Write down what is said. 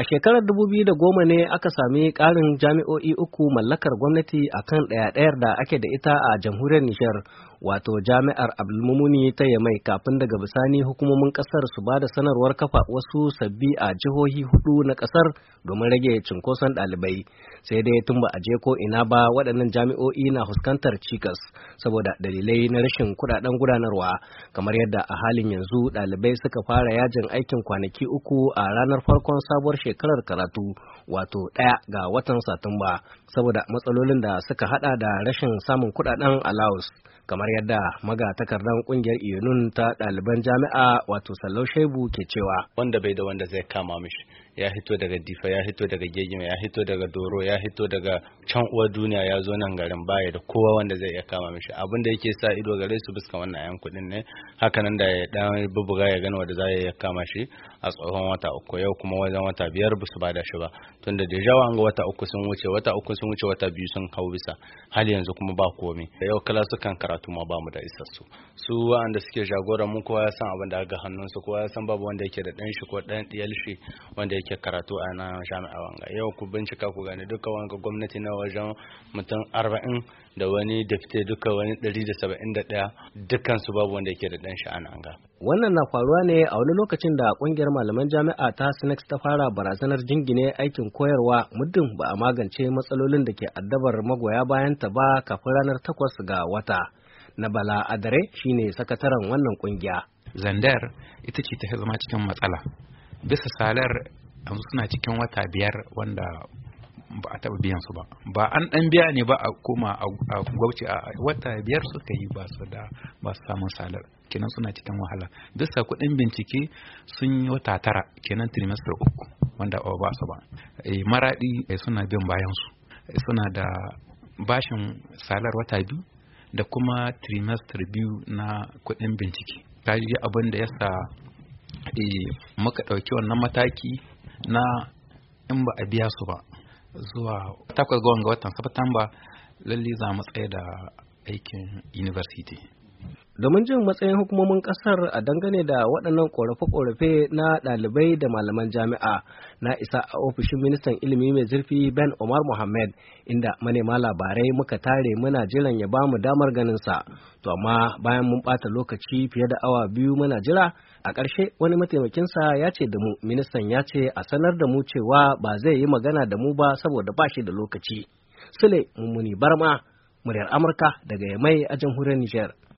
A shekarar dubu biyu da goma ne aka sami ƙarin jami'o'i uku mallakar gwamnati a kan ɗaya-ɗayar da ake da ita a jamhuriyar Nijar, wato jami'ar Abdulmumuni ta Yamai kafin daga bisani hukumomin kasar su ba da sanarwar kafa wasu sabbi a jihohi hudu na kasar domin rage cinkoson ɗalibai. Sai dai tun ba a je ko ina ba waɗannan jami'o'i na fuskantar cikas saboda dalilai na rashin kuɗaɗen gudanarwa kamar yadda a halin yanzu ɗalibai suka fara yajin aikin kwanaki uku a ranar farkon sabuwar shekarar karatu wato ɗaya ga watan Satumba saboda matsalolin da suka hada da rashin samun kuɗaɗen Laos. kamar yadda magatakardan kungiyar iyonun ta ɗaliban jami'a wato sallau shebu ke cewa wanda bai da wanda zai kama mishi ya hito daga difa ya hito daga gegima ya hito daga doro ya hito daga can uwar duniya ya zo nan garin baya da kowa wanda zai iya kama mishi abin da yake sa ido gare su fuska wannan a'yan kuɗi ne hakanan da ya dan bubuga ya gani wanda za ya kama shi a tsohon wata uku yau kuma wajen wata biyar ba su bada shi ba tun da jawa an ga wata uku sun wuce wata uku sun wuce wata biyu sun hau bisa hal yanzu kuma ba komai yau kala su kan karatu ma ba mu da isassu su wa'anda suke jagoran mu kowa ya san abin da ga hannunsu kowa ya san babu wanda yake da dan shi ko dan ɗiyal shi wanda yake karatu a nan jami'a wanga yau ku bincika ku gani duka wanga gwamnati na wajen mutum arba'in da wani dafite duka wani ɗari da saba'in da ɗaya su babu wanda yake da ɗan sha'an ga. wannan na faruwa ne a wani lokacin da ƙungiyar malaman jami'a ta sinex ta fara barazanar jingine aikin koyarwa muddin ba a magance matsalolin da ke addabar magoya bayan ta ba kafin ranar takwas ga wata na bala adare shine sakataren wannan ƙungiya. zandar ita ce ta zama cikin matsala bisa salar yanzu suna cikin wata biyar wanda ba a taɓa biyan su ba ba an ɗan biya ne ba a koma a gwauci a wata biyar suka yi ba su da ba su samun salar kenan suna cikin wahala bisa kuɗin bincike sun yi wata tara kenan trimester uku wanda ba su ba eh, maraɗi eh, suna bin bayan su eh, suna da bashin salar wata biyu da kuma trimester biyu na kuɗin bincike ta yi abin da ya sa muka ɗauki wannan mataki na in ba a biya su ba zuwa takwas ga watan Satumba lalle za mu tsaye da aikin university domin jin matsayin hukumomin kasar a dangane da waɗannan ƙorafe-ƙorafe na ɗalibai da malaman jami'a na isa a ofishin ministan ilimi mai zurfi ben omar mohammed inda manema labarai muka tare muna jiran ya bamu damar ganinsa to amma bayan mun ɓata lokaci fiye da awa biyu muna jira a ƙarshe wani mataimakinsa ya ce da mu ministan ya ce a sanar da mu cewa ba zai yi magana da mu ba saboda ba shi da lokaci sule mummuni barma muryar amurka daga yamai a jamhuriyar niger